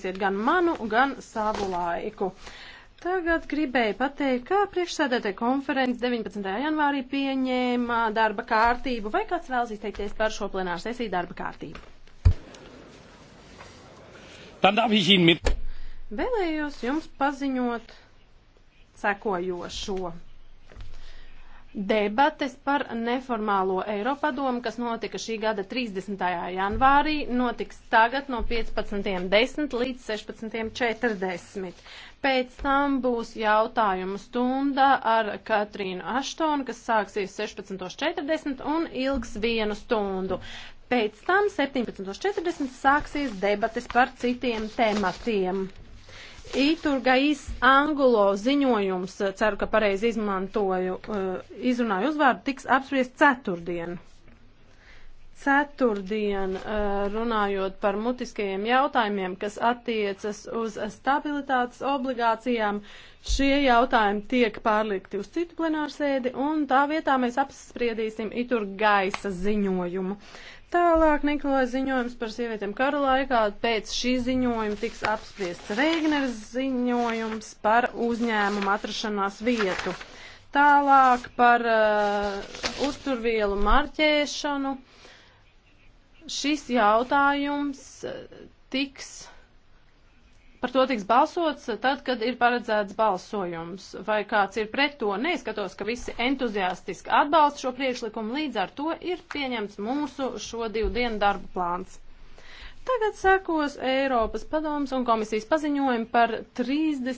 ietaupīsiet gan manu, gan savu laiku. Tagad gribēju pateikt, kā priekšsēdētāja konferences 19. janvārī pieņēma darba kārtību, vai kāds vēlas izteikties par šo plenāru sesiju darba kārtību. Vēlējos jums paziņot sekojošo debates par neformālo Eiropadomu, kas notika šī gada 30. janvārī, notiks tagad no 15.10 līdz 16.40. Pēc tam būs jautājumu stunda ar Katrīnu Aštonu, kas sāksies 16.40 un ilgs vienu stundu. Pēc tam 17.40 sāksies debates par citiem tematiem. Iturgais Angulo ziņojums, ceru, ka pareizi izmantoju, eh, izrunāju uzvārdu, tiks apspriest ceturtdien ceturtdien eh, runājot par mutiskajiem jautājumiem, kas attiecas uz stabilitātes obligācijām. Šie jautājumi tiek pārlikti uz citu plenārsēdi, un tā vietā mēs apspriedīsim itur gaisa ziņojumu. Tālāk Nikolai ziņojums par sievietēm kara laikā. Pēc šī ziņojuma tiks apspriests Reigners ziņojums par uzņēmumu atrašanās vietu. Tālāk par uh, uzturvielu marķēšanu. Uh, šis jautājums eh, tiks, par to tiks balsots eh, tad, kad ir paredzēts balsojums. Vai kāds ir pret to? Neizskatos, ka visi entuziastiski atbalsta šo priekšlikumu, līdz ar to ir pieņemts mūsu šo divu dienu darba plāns. Tagad sekos Eiropas padomas un komisijas paziņojumi par 30.